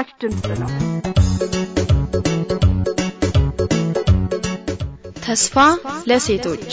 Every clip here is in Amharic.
ለመስራች ድምፅ ነው። ተስፋ ለሴቶች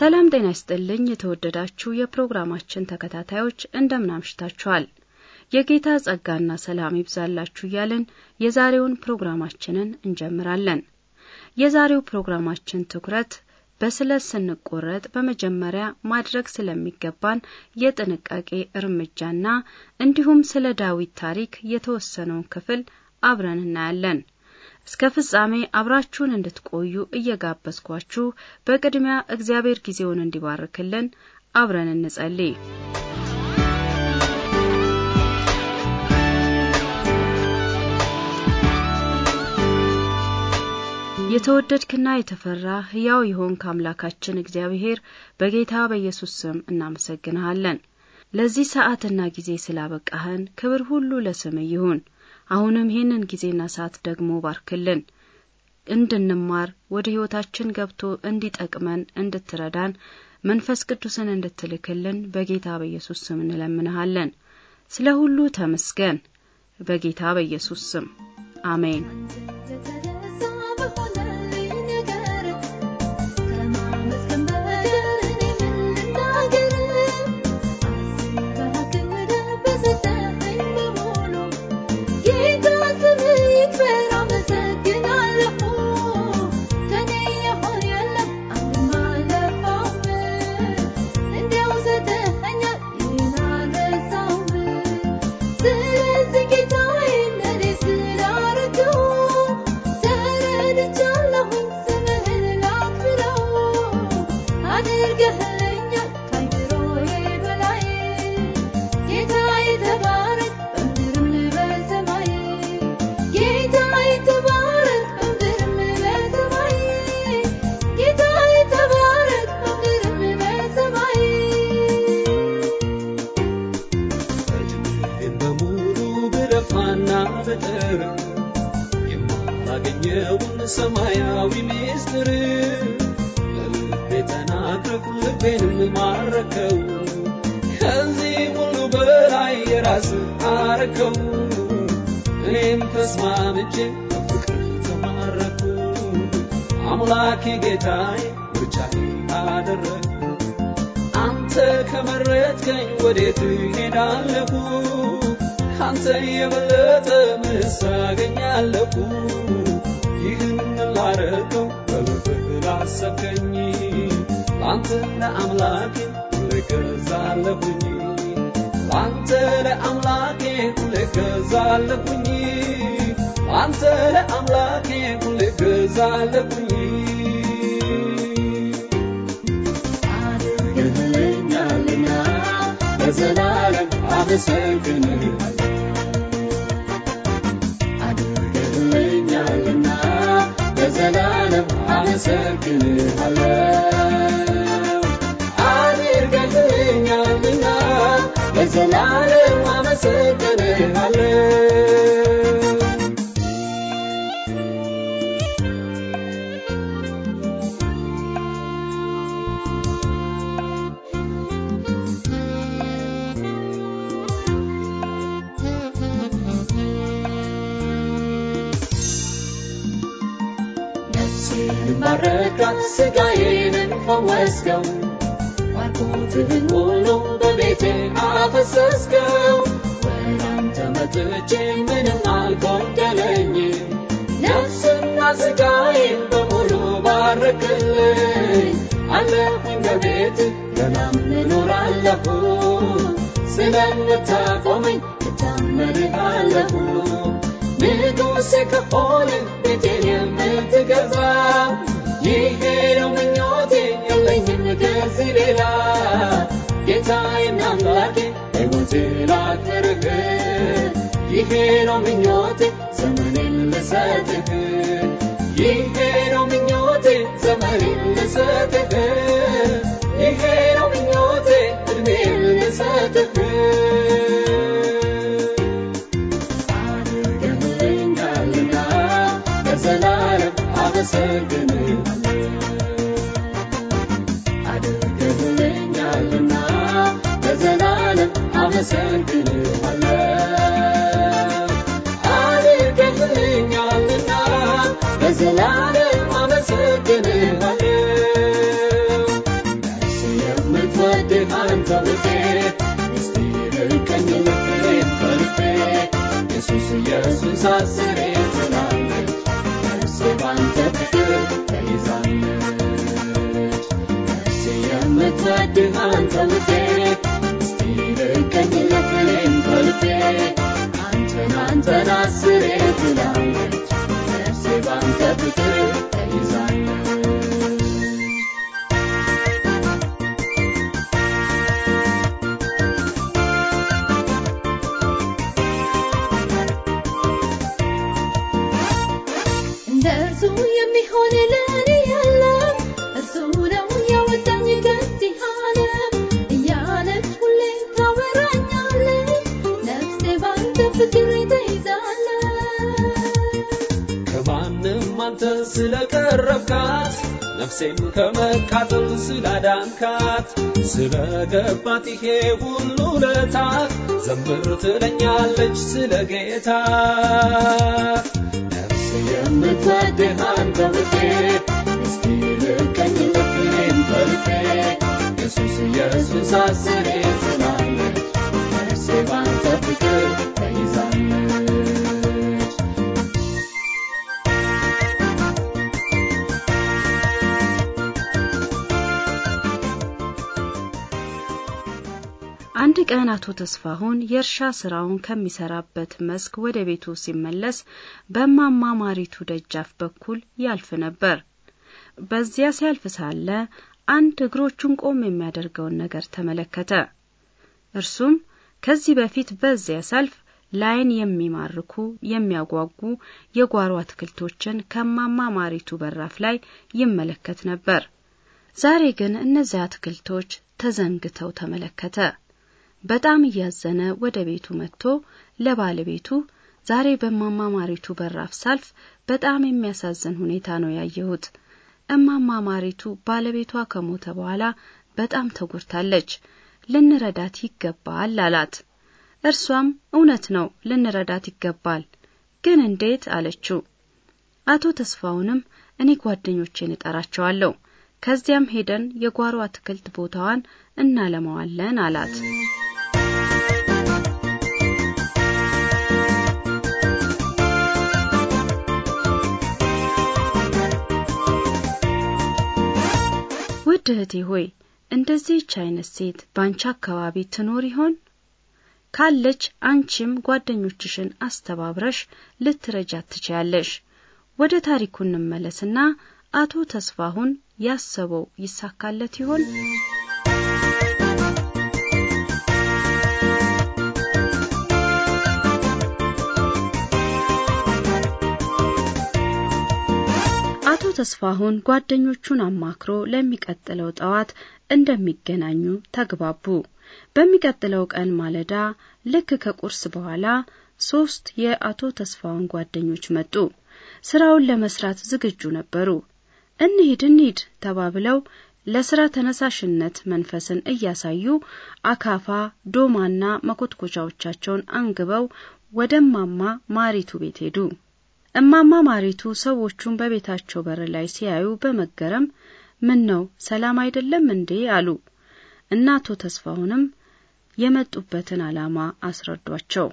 ሰላም ጤና ይስጥልኝ። የተወደዳችሁ የፕሮግራማችን ተከታታዮች እንደምን አምሽታችኋል? የጌታ ጸጋና ሰላም ይብዛላችሁ እያልን የዛሬውን ፕሮግራማችንን እንጀምራለን። የዛሬው ፕሮግራማችን ትኩረት በስለት ስንቆረጥ በመጀመሪያ ማድረግ ስለሚገባን የጥንቃቄ እርምጃና እንዲሁም ስለ ዳዊት ታሪክ የተወሰነውን ክፍል አብረን እናያለን። እስከ ፍጻሜ አብራችሁን እንድትቆዩ እየጋበዝኳችሁ በቅድሚያ እግዚአብሔር ጊዜውን እንዲባርክልን አብረን እንጸልይ። የተወደድክና የተፈራ ሕያው የሆንክ አምላካችን እግዚአብሔር በጌታ በኢየሱስ ስም እናመሰግንሃለን። ለዚህ ሰዓትና ጊዜ ስላበቃህን ክብር ሁሉ ለስም ይሁን። አሁንም ይህንን ጊዜና ሰዓት ደግሞ ባርክልን እንድንማር ወደ ሕይወታችን ገብቶ እንዲጠቅመን እንድትረዳን መንፈስ ቅዱስን እንድትልክልን በጌታ በኢየሱስ ስም እንለምንሃለን። ስለ ሁሉ ተመስገን። በጌታ በኢየሱስ ስም አሜን። ፍቅር የማገኘውን ሰማያዊ ሚስጥር በልቤ ልቤንም ማረከው ከዚህ ሁሉ በላይ የራስ አረከው እኔም ተስማምቼ በፍቅር ተማረኩ አምላኬ ጌታዬ ምርጫዬ አደረግ አንተ ከመረጥከኝ ወዴት ሄዳለሁ ካንተ የበለጠ ምሳገኛለሁ ይህን ላረገው በልብህ ላሰብከኝ ለአንተ ለአምላኬ ልገዛለሁኝ ለአንተ ለአምላኬ ልገዛለሁኝ አንተ ለአምላኬ ልገዛለሁኝ አድርግልኛልና ለዘላለም አመሰግን ስጋዬን በሙሉ ባረክልኝ። አለሁኝ በቤት በናም እኖራለሁ፣ ስለምታቆመኝ እታመንሃለሁ። ንጉሴ ከሆነ ቤቴን የምትገዛ ይሄ ነው ምኞቴ፣ የለኝም ከዚህ ሌላ ጌታዬና አምላኬ ይሄ ነው ምኞቴ ዘመኔን ልሰጥህ ይሄ ነው ምኞቴ ዘመኔን ልሰጥህ ይሄ ነው ምኞቴ እድሜን ልሰጥህ አድርገህልኛልና ለዘላለም አመሰግንሃለሁ አድርገህልኛልና ለዘላለም አመሰግንሃለሁ ተሳስሬ ትላለች ትላለች ነፍሴ ባንተ ፍቅር ተይዛለች ስለቀረብካት ነፍሴን ከመቃጠል ስላዳንካት ስለገባት ይሄ ሁሉ ለታ ዘምር ትለኛለች ስለ ጌታ የምትወድሃን በብቴ እስቲ ልቀኝለት እኔን ኢየሱስ ኢየሱስ አስሬ በቀን አቶ ተስፋሁን የእርሻ ስራውን ከሚሰራበት መስክ ወደ ቤቱ ሲመለስ በማማ ማሪቱ ደጃፍ በኩል ያልፍ ነበር። በዚያ ሲያልፍ ሳለ አንድ እግሮቹን ቆም የሚያደርገውን ነገር ተመለከተ። እርሱም ከዚህ በፊት በዚያ ሳልፍ ላይን የሚማርኩ የሚያጓጉ የጓሮ አትክልቶችን ከማማ ማሪቱ በራፍ ላይ ይመለከት ነበር። ዛሬ ግን እነዚያ አትክልቶች ተዘንግተው ተመለከተ። በጣም እያዘነ ወደ ቤቱ መጥቶ ለባለቤቱ ዛሬ በእማማ ማሪቱ በራፍ ሳልፍ በጣም የሚያሳዝን ሁኔታ ነው ያየሁት። እማማ ማሪቱ ባለቤቷ ከሞተ በኋላ በጣም ተጎድታለች፣ ልንረዳት ይገባል አላት። እርሷም እውነት ነው ልንረዳት ይገባል፣ ግን እንዴት አለችው። አቶ ተስፋውንም እኔ ጓደኞቼን እጠራቸዋለሁ ከዚያም ሄደን የጓሮ አትክልት ቦታዋን እናለማዋለን አላት። ውድ እህቴ ሆይ እንደዚህች አይነት ሴት ባንቺ አካባቢ ትኖር ይሆን? ካለች አንቺም ጓደኞችሽን አስተባብረሽ ልትረጃት ትችያለሽ። ወደ ታሪኩ እንመለስና አቶ ተስፋሁን ያሰበው ይሳካለት ይሆን? አቶ ተስፋሁን ጓደኞቹን አማክሮ ለሚቀጥለው ጠዋት እንደሚገናኙ ተግባቡ። በሚቀጥለው ቀን ማለዳ ልክ ከቁርስ በኋላ ሶስት የአቶ ተስፋሁን ጓደኞች መጡ። ስራውን ለመስራት ዝግጁ ነበሩ። እንሂድ እንሂድ ተባብለው ለስራ ተነሳሽነት መንፈስን እያሳዩ አካፋ ዶማና መኮትኮቻዎቻቸውን አንግበው ወደ እማማ ማሪቱ ቤት ሄዱ። እማማ ማሪቱ ሰዎቹን በቤታቸው በር ላይ ሲያዩ በመገረም ምን ነው ሰላም አይደለም እንዴ አሉ። እናቶ ተስፋሁንም የመጡበትን ዓላማ አስረዷቸው።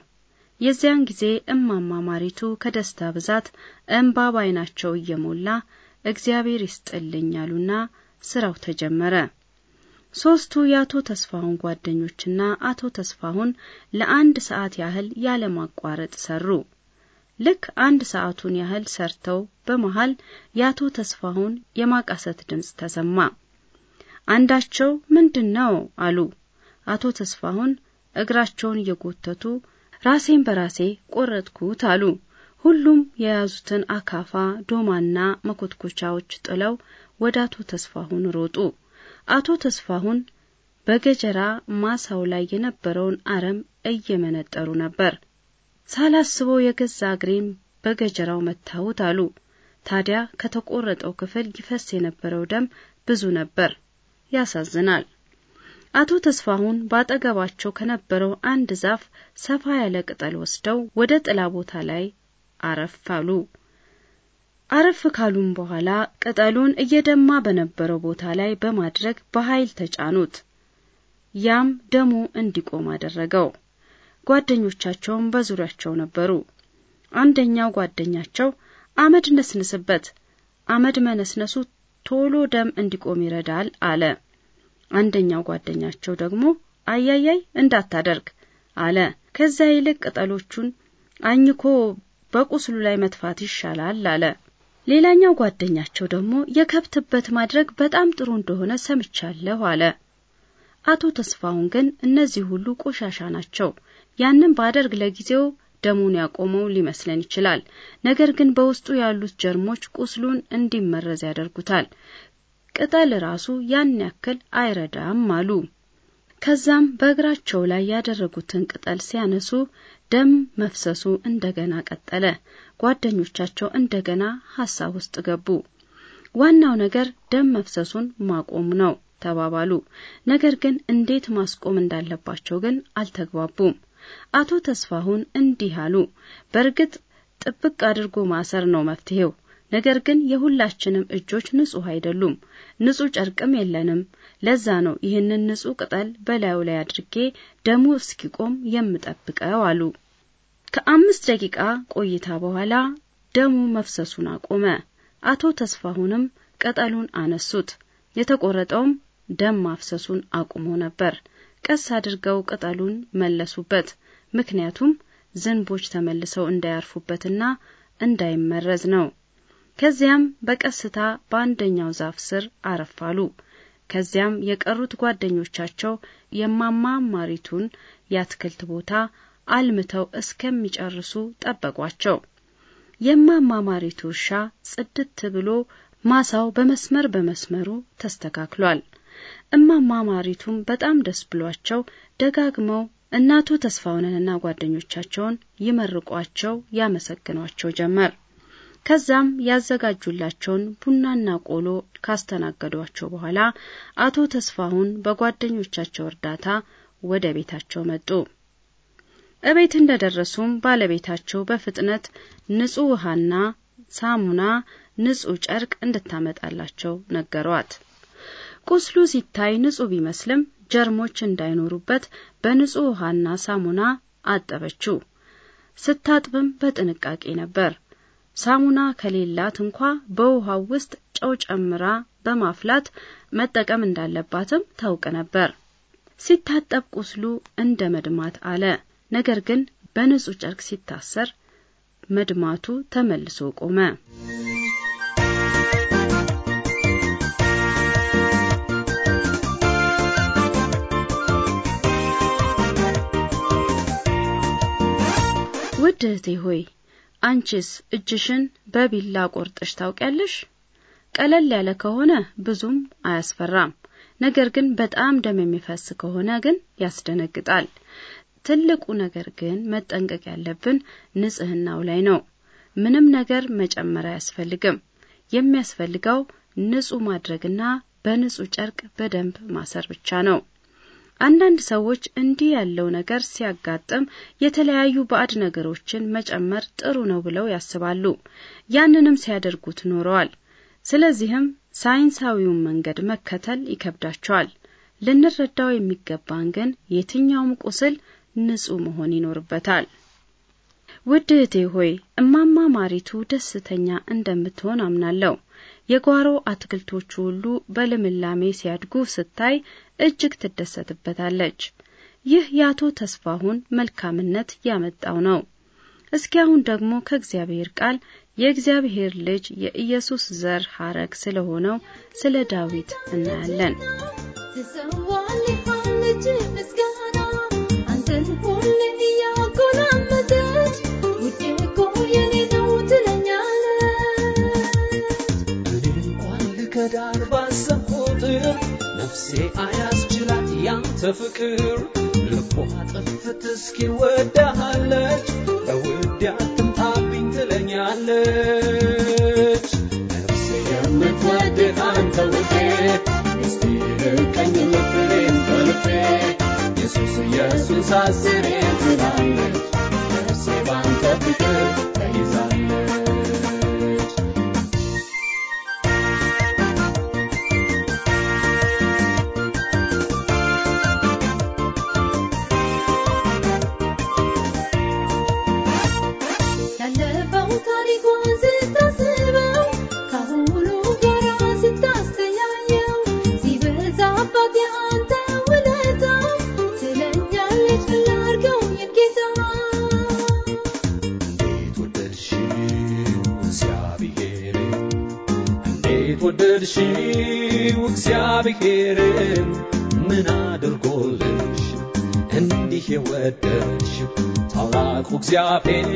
የዚያን ጊዜ እማማ ማሪቱ ከደስታ ብዛት እንባ ባይናቸው እየሞላ እግዚአብሔር ይስጥልኝ አሉና ስራው ተጀመረ። ሶስቱ የአቶ ተስፋሁን ጓደኞችና አቶ ተስፋሁን ለአንድ ሰዓት ያህል ያለማቋረጥ ሰሩ። ልክ አንድ ሰዓቱን ያህል ሰርተው በመሃል የአቶ ተስፋሁን የማቃሰት ድምፅ ተሰማ። አንዳቸው ምንድን ነው አሉ። አቶ ተስፋሁን እግራቸውን እየጎተቱ ራሴን በራሴ ቆረጥኩት አሉ። ሁሉም የያዙትን አካፋ ዶማና መኮትኮቻዎች ጥለው ወደ አቶ ተስፋሁን ሮጡ። አቶ ተስፋሁን በገጀራ ማሳው ላይ የነበረውን አረም እየመነጠሩ ነበር። ሳላስበው የገዛ እግሬን በገጀራው መታሁት አሉ። ታዲያ ከተቆረጠው ክፍል ይፈስ የነበረው ደም ብዙ ነበር። ያሳዝናል። አቶ ተስፋሁን ባጠገባቸው ከነበረው አንድ ዛፍ ሰፋ ያለ ቅጠል ወስደው ወደ ጥላ ቦታ ላይ አረፍ አሉ። አረፍ ካሉም በኋላ ቅጠሉን እየደማ በነበረው ቦታ ላይ በማድረግ በኃይል ተጫኑት። ያም ደሙ እንዲቆም አደረገው። ጓደኞቻቸውም በዙሪያቸው ነበሩ። አንደኛው ጓደኛቸው አመድ ነስንስበት፣ አመድ መነስነሱ ቶሎ ደም እንዲቆም ይረዳል አለ። አንደኛው ጓደኛቸው ደግሞ አያያይ እንዳታደርግ አለ። ከዚያ ይልቅ ቅጠሎቹን አኝኮ በቁስሉ ላይ መትፋት ይሻላል አለ። ሌላኛው ጓደኛቸው ደግሞ የከብትበት ማድረግ በጣም ጥሩ እንደሆነ ሰምቻለሁ አለ። አቶ ተስፋውን ግን እነዚህ ሁሉ ቆሻሻ ናቸው፣ ያንን ባደርግ ለጊዜው ደሙን ያቆመው ሊመስለን ይችላል። ነገር ግን በውስጡ ያሉት ጀርሞች ቁስሉን እንዲመረዝ ያደርጉታል። ቅጠል ራሱ ያን ያክል አይረዳም አሉ። ከዛም በእግራቸው ላይ ያደረጉትን ቅጠል ሲያነሱ ደም መፍሰሱ እንደገና ቀጠለ። ጓደኞቻቸው እንደገና ሀሳብ ውስጥ ገቡ። ዋናው ነገር ደም መፍሰሱን ማቆም ነው ተባባሉ። ነገር ግን እንዴት ማስቆም እንዳለባቸው ግን አልተግባቡም። አቶ ተስፋሁን እንዲህ አሉ። በእርግጥ ጥብቅ አድርጎ ማሰር ነው መፍትሄው። ነገር ግን የሁላችንም እጆች ንጹህ አይደሉም፣ ንጹህ ጨርቅም የለንም። ለዛ ነው ይህንን ንጹህ ቅጠል በላዩ ላይ አድርጌ ደሙ እስኪቆም የምጠብቀው አሉ። ከአምስት ደቂቃ ቆይታ በኋላ ደሙ መፍሰሱን አቆመ። አቶ ተስፋሁንም ቅጠሉን አነሱት። የተቆረጠውም ደም ማፍሰሱን አቁሞ ነበር። ቀስ አድርገው ቅጠሉን መለሱበት። ምክንያቱም ዝንቦች ተመልሰው እንዳያርፉበትና እንዳይመረዝ ነው። ከዚያም በቀስታ በአንደኛው ዛፍ ስር አረፋሉ። ከዚያም የቀሩት ጓደኞቻቸው የማማ ማሪቱን የአትክልት ቦታ አልምተው እስከሚጨርሱ ጠበቋቸው። የማማ ማሪቱ እርሻ ጽድት ብሎ ማሳው በመስመር በመስመሩ ተስተካክሏል። እማማ ማሪቱም በጣም ደስ ብሏቸው ደጋግመው እናቱ ተስፋውንንና ጓደኞቻቸውን ይመርቋቸው ያመሰግኗቸው ጀመር። ከዛም ያዘጋጁላቸውን ቡናና ቆሎ ካስተናገዷቸው በኋላ አቶ ተስፋሁን በጓደኞቻቸው እርዳታ ወደ ቤታቸው መጡ። እቤት እንደደረሱም ባለቤታቸው በፍጥነት ንጹህ ውሃና ሳሙና፣ ንጹህ ጨርቅ እንድታመጣላቸው ነገሯት። ቁስሉ ሲታይ ንጹህ ቢመስልም ጀርሞች እንዳይኖሩበት በንጹህ ውሃና ሳሙና አጠበችው። ስታጥብም በጥንቃቄ ነበር። ሳሙና ከሌላት እንኳ በውሃው ውስጥ ጨው ጨምራ በማፍላት መጠቀም እንዳለባትም ታውቅ ነበር። ሲታጠብ ቁስሉ እንደ መድማት አለ። ነገር ግን በንጹህ ጨርቅ ሲታሰር መድማቱ ተመልሶ ቆመ። ውድ እህቴ ሆይ አንቺስ እጅሽን በቢላ ቆርጥሽ ታውቂያለሽ? ቀለል ያለ ከሆነ ብዙም አያስፈራም። ነገር ግን በጣም ደም የሚፈስ ከሆነ ግን ያስደነግጣል። ትልቁ ነገር ግን መጠንቀቅ ያለብን ንጽህናው ላይ ነው። ምንም ነገር መጨመር አያስፈልግም። የሚያስፈልገው ንጹህ ማድረግና በንጹህ ጨርቅ በደንብ ማሰር ብቻ ነው። አንዳንድ ሰዎች እንዲህ ያለው ነገር ሲያጋጥም የተለያዩ ባዕድ ነገሮችን መጨመር ጥሩ ነው ብለው ያስባሉ። ያንንም ሲያደርጉት ኖረዋል። ስለዚህም ሳይንሳዊውን መንገድ መከተል ይከብዳቸዋል። ልንረዳው የሚገባን ግን የትኛውም ቁስል ንጹህ መሆን ይኖርበታል። ውድ እህቴ ሆይ እማማ ማሪቱ ደስተኛ እንደምትሆን አምናለሁ። የጓሮ አትክልቶቹ ሁሉ በልምላሜ ሲያድጉ ስታይ እጅግ ትደሰትበታለች። ይህ የአቶ ተስፋሁን መልካምነት ያመጣው ነው። እስኪ አሁን ደግሞ ከእግዚአብሔር ቃል የእግዚአብሔር ልጅ የኢየሱስ ዘር ሐረግ ስለሆነው ስለ ዳዊት እናያለን። God, ነፍሴ አያስችላት ያንተ ፍቅር ልቧ ጥፍት እስኪል ወዳሃለች በውድ አትምጣብኝ ትለኛለች ነፍሴ የምትወድህ አንተ ውዴ እስቲ ልቀኝ ልፍሬን ከልፌ ኢየሱስ ኢየሱስ አስሬ ትላለች ነፍሴ ባንተ ፍቅር job in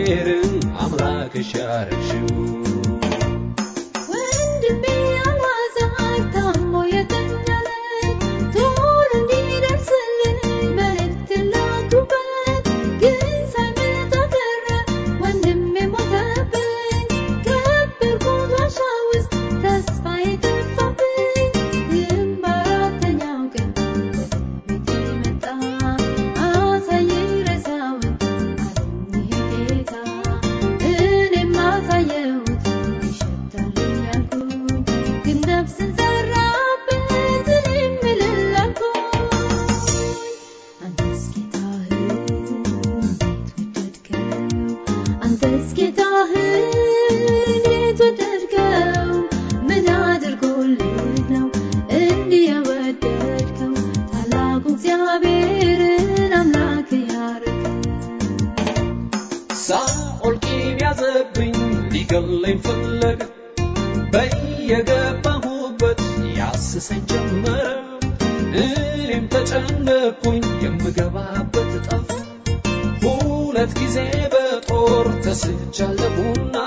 ቡና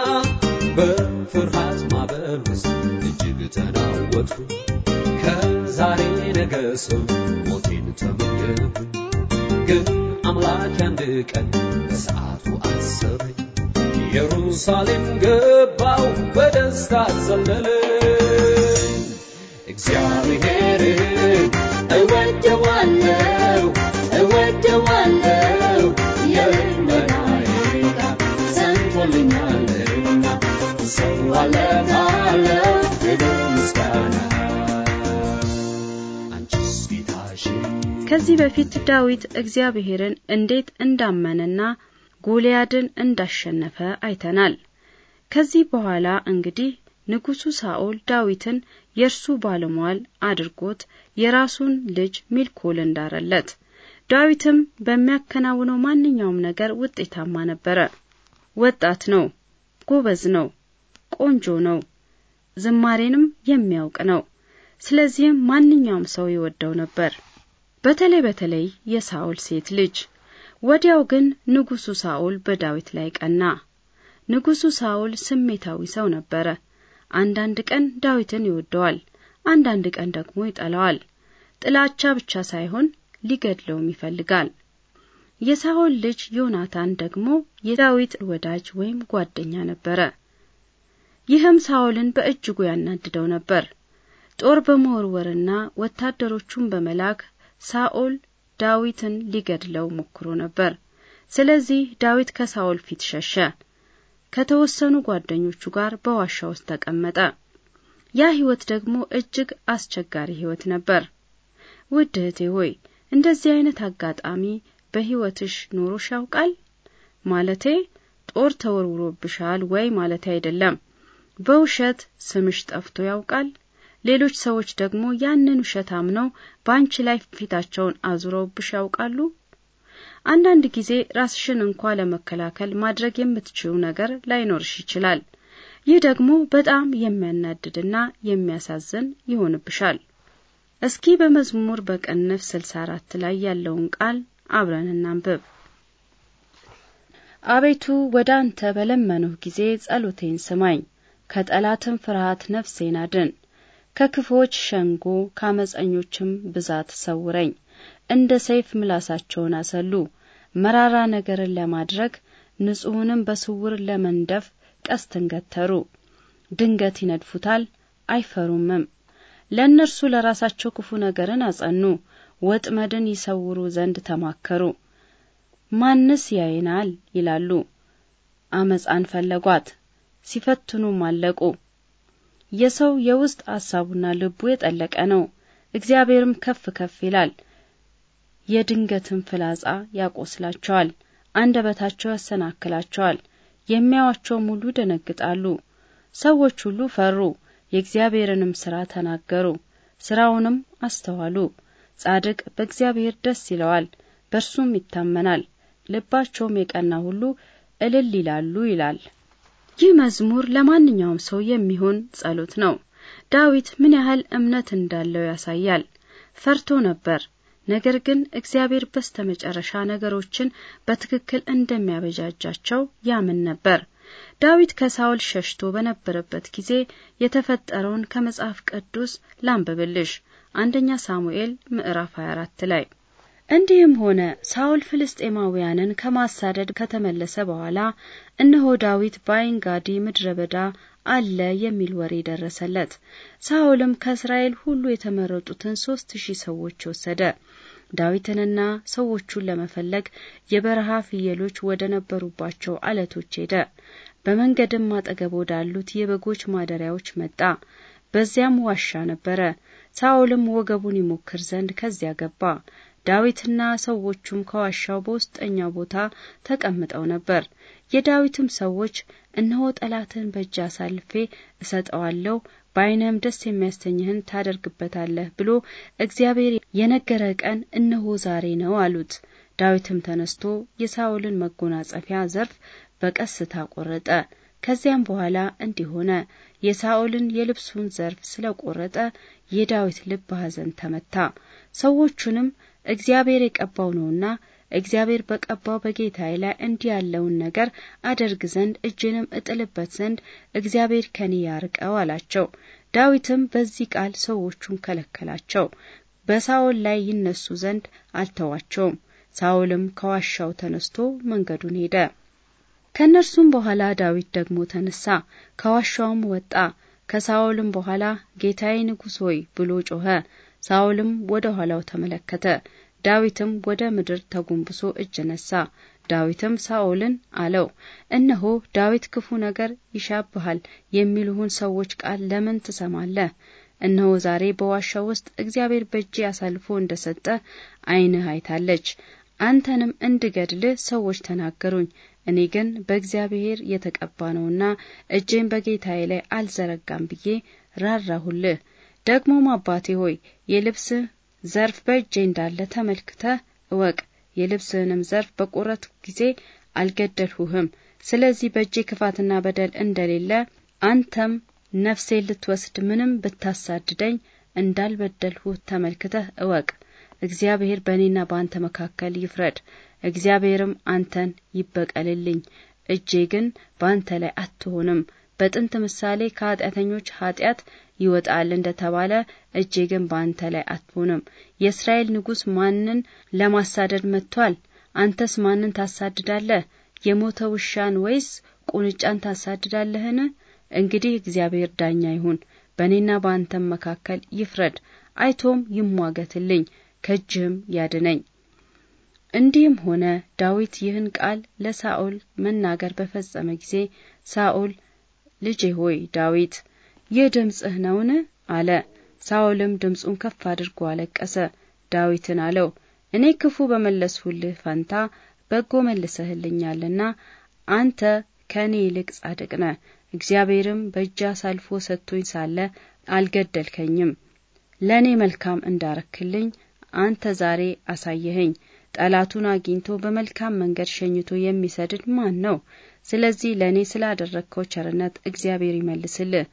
በፍርሃት ማዕበል ውስጥ እጅግ ተናወጡ። ከዛሬ ነገ ሰው ሞቴን ተመኘሁ፣ ግን አምላክ አንድ ቀን በሰዓቱ አሰበኝ። ኢየሩሳሌም ገባው በደስታ ዘለለኝ። ከዚህ በፊት ዳዊት እግዚአብሔርን እንዴት እንዳመነና ጎልያድን እንዳሸነፈ አይተናል። ከዚህ በኋላ እንግዲህ ንጉሡ ሳኦል ዳዊትን የእርሱ ባለሟል አድርጎት የራሱን ልጅ ሚልኮል እንዳረለት፣ ዳዊትም በሚያከናውነው ማንኛውም ነገር ውጤታማ ነበረ። ወጣት ነው፣ ጎበዝ ነው፣ ቆንጆ ነው፣ ዝማሬንም የሚያውቅ ነው። ስለዚህም ማንኛውም ሰው ይወደው ነበር። በተለይ በተለይ የሳኦል ሴት ልጅ። ወዲያው ግን ንጉሡ ሳኦል በዳዊት ላይ ቀና። ንጉሡ ሳኦል ስሜታዊ ሰው ነበረ። አንዳንድ ቀን ዳዊትን ይወደዋል፣ አንዳንድ ቀን ደግሞ ይጠላዋል። ጥላቻ ብቻ ሳይሆን ሊገድለውም ይፈልጋል። የሳኦል ልጅ ዮናታን ደግሞ የዳዊት ወዳጅ ወይም ጓደኛ ነበረ። ይህም ሳኦልን በእጅጉ ያናድደው ነበር። ጦር በመወርወርና ወታደሮቹን በመላክ ሳኦል ዳዊትን ሊገድለው ሞክሮ ነበር። ስለዚህ ዳዊት ከሳኦል ፊት ሸሸ። ከተወሰኑ ጓደኞቹ ጋር በዋሻ ውስጥ ተቀመጠ። ያ ሕይወት ደግሞ እጅግ አስቸጋሪ ሕይወት ነበር። ውድ እህቴ ሆይ እንደዚህ አይነት አጋጣሚ በሕይወትሽ ኖሮሽ ያውቃል? ማለቴ ጦር ተወርውሮብሻል ወይ ማለቴ አይደለም። በውሸት ስምሽ ጠፍቶ ያውቃል? ሌሎች ሰዎች ደግሞ ያንን ውሸት አምነው በአንቺ ላይ ፊታቸውን አዙረውብሽ ያውቃሉ። አንዳንድ ጊዜ ራስሽን እንኳ ለመከላከል ማድረግ የምትችው ነገር ላይኖርሽ ይችላል። ይህ ደግሞ በጣም የሚያናድድና የሚያሳዝን ይሆንብሻል። እስኪ በመዝሙር በቅንፍ ስልሳ አራት ላይ ያለውን ቃል አብረን እናንብብ። አቤቱ ወደ አንተ በለመንሁ ጊዜ ጸሎቴን ስማኝ፣ ከጠላትም ፍርሃት ነፍሴን አድን። ከክፉዎች ሸንጎ ከአመፀኞችም ብዛት ሰውረኝ። እንደ ሰይፍ ምላሳቸውን አሰሉ፣ መራራ ነገርን ለማድረግ ንጹሕንም በስውር ለመንደፍ ቀስትን ገተሩ። ድንገት ይነድፉታል አይፈሩምም። ለእነርሱ ለራሳቸው ክፉ ነገርን አጸኑ፣ ወጥመድን ይሰውሩ ዘንድ ተማከሩ። ማንስ ያይናል ይላሉ። አመፃን ፈለጓት፣ ሲፈትኑም አለቁ። የሰው የውስጥ ሐሳቡና ልቡ የጠለቀ ነው፣ እግዚአብሔርም ከፍ ከፍ ይላል። የድንገትን ፍላጻ ያቆስላቸዋል፣ አንደበታቸው ያሰናክላቸዋል፣ የሚያዋቸውም ሁሉ ደነግጣሉ። ሰዎች ሁሉ ፈሩ፣ የእግዚአብሔርንም ሥራ ተናገሩ፣ ሥራውንም አስተዋሉ። ጻድቅ በእግዚአብሔር ደስ ይለዋል፣ በእርሱም ይታመናል፣ ልባቸውም የቀና ሁሉ እልል ይላሉ ይላል። ይህ መዝሙር ለማንኛውም ሰው የሚሆን ጸሎት ነው። ዳዊት ምን ያህል እምነት እንዳለው ያሳያል። ፈርቶ ነበር፣ ነገር ግን እግዚአብሔር በስተመጨረሻ ነገሮችን በትክክል እንደሚያበጃጃቸው ያምን ነበር። ዳዊት ከሳውል ሸሽቶ በነበረበት ጊዜ የተፈጠረውን ከመጽሐፍ ቅዱስ ላንብብልሽ አንደኛ ሳሙኤል ምዕራፍ 24 ላይ እንዲህም ሆነ ሳውል ፍልስጤማውያንን ከማሳደድ ከተመለሰ በኋላ እነሆ ዳዊት በዓይንጋዲ ምድረ በዳ አለ የሚል ወሬ ደረሰለት። ሳውልም ከእስራኤል ሁሉ የተመረጡትን ሶስት ሺህ ሰዎች ወሰደ። ዳዊትንና ሰዎቹን ለመፈለግ የበረሃ ፍየሎች ወደ ነበሩባቸው አለቶች ሄደ። በመንገድም አጠገብ ወዳሉት የበጎች ማደሪያዎች መጣ። በዚያም ዋሻ ነበረ። ሳውልም ወገቡን ይሞክር ዘንድ ከዚያ ገባ። ዳዊትና ሰዎቹም ከዋሻው በውስጠኛው ቦታ ተቀምጠው ነበር። የዳዊትም ሰዎች እነሆ ጠላትን በእጅ አሳልፌ እሰጠዋለሁ፣ በዓይንህም ደስ የሚያሰኝህን ታደርግበታለህ ብሎ እግዚአብሔር የነገረ ቀን እነሆ ዛሬ ነው አሉት። ዳዊትም ተነስቶ የሳውልን መጎናጸፊያ ዘርፍ በቀስታ ቆረጠ። ከዚያም በኋላ እንዲህ ሆነ፣ የሳኦልን የልብሱን ዘርፍ ስለቆረጠ የዳዊት ልብ በሐዘን ተመታ። ሰዎቹንም እግዚአብሔር የቀባው ነውና እግዚአብሔር በቀባው በጌታዬ ላይ እንዲህ ያለውን ነገር አደርግ ዘንድ እጅንም እጥልበት ዘንድ እግዚአብሔር ከኔ ያርቀው አላቸው። ዳዊትም በዚህ ቃል ሰዎቹን ከለከላቸው፣ በሳኦል ላይ ይነሱ ዘንድ አልተዋቸውም። ሳኦልም ከዋሻው ተነስቶ መንገዱን ሄደ። ከእነርሱም በኋላ ዳዊት ደግሞ ተነሳ፣ ከዋሻውም ወጣ። ከሳኦልም በኋላ ጌታዬ ንጉሥ ሆይ ብሎ ጮኸ። ሳኦልም ወደ ኋላው ተመለከተ፣ ዳዊትም ወደ ምድር ተጎንብሶ እጅ ነሳ። ዳዊትም ሳኦልን አለው፣ እነሆ ዳዊት ክፉ ነገር ይሻብሃል የሚልሁን ሰዎች ቃል ለምን ትሰማለህ? እነሆ ዛሬ በዋሻው ውስጥ እግዚአብሔር በእጅ አሳልፎ እንደ ሰጠ ዓይንህ አይታለች። አንተንም እንድገድልህ ሰዎች ተናገሩኝ። እኔ ግን በእግዚአብሔር የተቀባ ነውና እጄን በጌታዬ ላይ አልዘረጋም ብዬ ራራሁልህ። ደግሞም አባቴ ሆይ የልብስ ዘርፍ በእጄ እንዳለ ተመልክተ እወቅ። የልብስህንም ዘርፍ በቁረት ጊዜ አልገደልሁህም። ስለዚህ በእጄ ክፋትና በደል እንደሌለ አንተም ነፍሴ ልትወስድ ምንም ብታሳድደኝ እንዳልበደልሁ ተመልክተህ እወቅ። እግዚአብሔር በእኔና በአንተ መካከል ይፍረድ፣ እግዚአብሔርም አንተን ይበቀልልኝ። እጄ ግን በአንተ ላይ አትሆንም። በጥንት ምሳሌ ከኃጢአተኞች ኃጢአት ይወጣል እንደተባለ እጄ ግን በአንተ ላይ አትሆንም። የእስራኤል ንጉሥ ማንን ለማሳደድ መጥቷል? አንተስ ማንን ታሳድዳለህ? የሞተ ውሻን ወይስ ቁንጫን ታሳድዳለህን? እንግዲህ እግዚአብሔር ዳኛ ይሁን፣ በእኔና በአንተም መካከል ይፍረድ፣ አይቶም ይሟገትልኝ፣ ከእጅህም ያድነኝ። እንዲህም ሆነ ዳዊት ይህን ቃል ለሳኦል መናገር በፈጸመ ጊዜ ሳኦል ልጄ ሆይ ዳዊት ይህ ድምፅህ ነውን? አለ። ሳኦልም ድምፁን ከፍ አድርጎ አለቀሰ። ዳዊትን አለው፣ እኔ ክፉ በመለስሁልህ ፈንታ በጎ መልሰህልኛልና አንተ ከእኔ ይልቅ ጻድቅ ነህ። እግዚአብሔርም በእጅ አሳልፎ ሰጥቶኝ ሳለ አልገደልከኝም። ለእኔ መልካም እንዳረክልኝ አንተ ዛሬ አሳየኸኝ። ጠላቱን አግኝቶ በመልካም መንገድ ሸኝቶ የሚሰድድ ማን ነው? ስለዚህ ለእኔ ስላደረግከው ቸርነት እግዚአብሔር ይመልስልህ።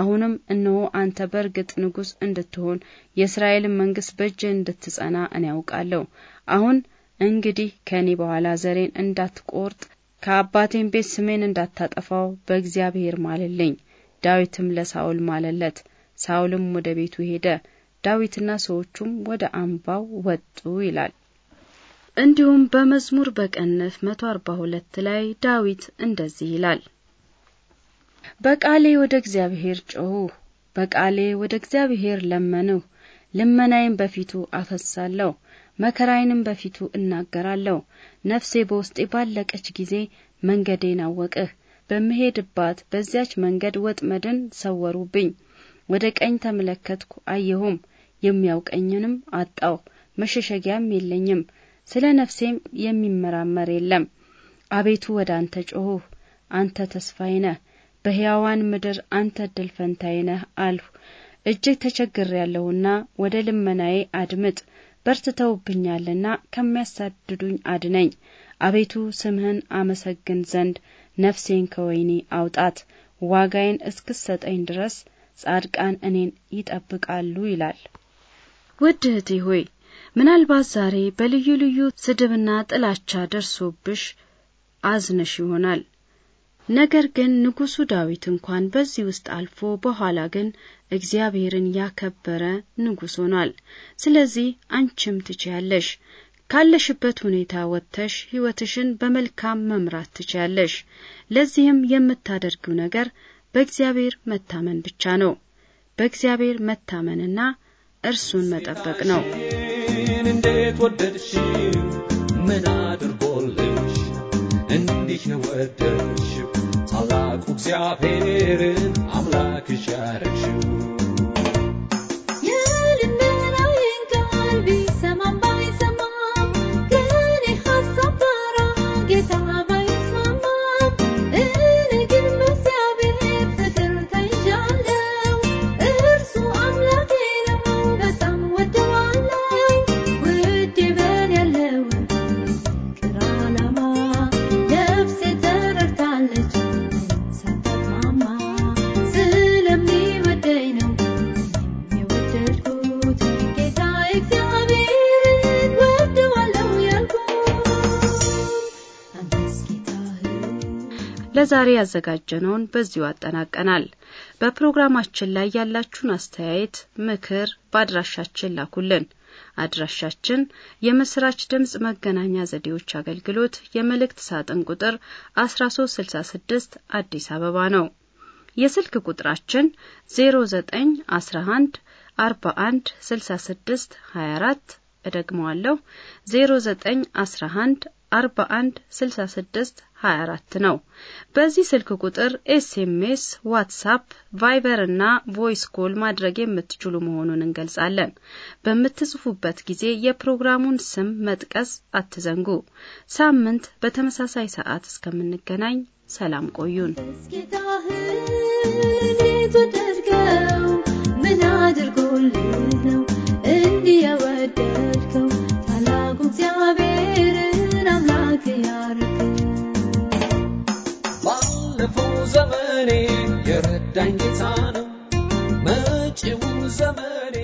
አሁንም እነሆ አንተ በእርግጥ ንጉሥ እንድትሆን የእስራኤልን መንግሥት በእጅ እንድትጸና እኔ ያውቃለሁ። አሁን እንግዲህ ከእኔ በኋላ ዘሬን እንዳትቆርጥ ከአባቴን ቤት ስሜን እንዳታጠፋው በእግዚአብሔር ማልልኝ። ዳዊትም ለሳኦል ማለለት። ሳኦልም ወደ ቤቱ ሄደ፣ ዳዊትና ሰዎቹም ወደ አምባው ወጡ ይላል። እንዲሁም በመዝሙር በቀንፍ መቶ አርባ ሁለት ላይ ዳዊት እንደዚህ ይላል በቃሌ ወደ እግዚአብሔር ጮሁ በቃሌ ወደ እግዚአብሔር ለመንሁ። ልመናዬን በፊቱ አፈሳለሁ፣ መከራዬንም በፊቱ እናገራለሁ። ነፍሴ በውስጤ ባለቀች ጊዜ መንገዴን አወቅህ። በምሄድባት በዚያች መንገድ ወጥመድን ሰወሩብኝ። ወደ ቀኝ ተመለከትኩ አየሁም፣ የሚያውቀኝንም አጣሁ፣ መሸሸጊያም የለኝም፣ ስለ ነፍሴም የሚመራመር የለም። አቤቱ ወደ አንተ ጮኽሁ፣ አንተ ተስፋዬ ነህ። በሕያዋን ምድር አንተ ድል ፈንታዬ ነህ አልሁ። እጅግ ተቸግሬያለሁና ወደ ልመናዬ አድምጥ። በርትተውብኛልና ከሚያሳድዱኝ አድነኝ። አቤቱ ስምህን አመሰግን ዘንድ ነፍሴን ከወይኒ አውጣት። ዋጋዬን እስክሰጠኝ ድረስ ጻድቃን እኔን ይጠብቃሉ ይላል። ውድ እህቴ ሆይ ምናልባት ዛሬ በልዩ ልዩ ስድብና ጥላቻ ደርሶብሽ አዝነሽ ይሆናል። ነገር ግን ንጉሡ ዳዊት እንኳን በዚህ ውስጥ አልፎ በኋላ ግን እግዚአብሔርን ያከበረ ንጉሥ ሆኗል። ስለዚህ አንቺም ትችያለሽ። ካለሽበት ሁኔታ ወጥተሽ ሕይወትሽን በመልካም መምራት ትችያለሽ። ለዚህም የምታደርጊው ነገር በእግዚአብሔር መታመን ብቻ ነው። በእግዚአብሔር መታመንና እርሱን መጠበቅ ነው። እንዴት ወደድሽ? ምን አድርጎል የወደድሽው ታላቁ እግዚአብሔርን አምላክሽ ያረግሽው ለዛሬ ያዘጋጀነውን በዚሁ አጠናቀናል። በፕሮግራማችን ላይ ያላችሁን አስተያየት፣ ምክር በአድራሻችን ላኩልን። አድራሻችን የምስራች ድምፅ መገናኛ ዘዴዎች አገልግሎት የመልእክት ሳጥን ቁጥር 1366 አዲስ አበባ ነው። የስልክ ቁጥራችን 0911 41 66 24 እደግመዋለሁ 0911 41 24 ነው። በዚህ ስልክ ቁጥር ኤስኤምኤስ፣ ዋትሳፕ፣ ቫይበር እና ቮይስ ኮል ማድረግ የምትችሉ መሆኑን እንገልጻለን። በምትጽፉበት ጊዜ የፕሮግራሙን ስም መጥቀስ አትዘንጉ። ሳምንት በተመሳሳይ ሰዓት እስከምንገናኝ ሰላም ቆዩን። ምን ነው ዘመኔ የረዳኝ ጌታ ነው መጪው ዘመኔ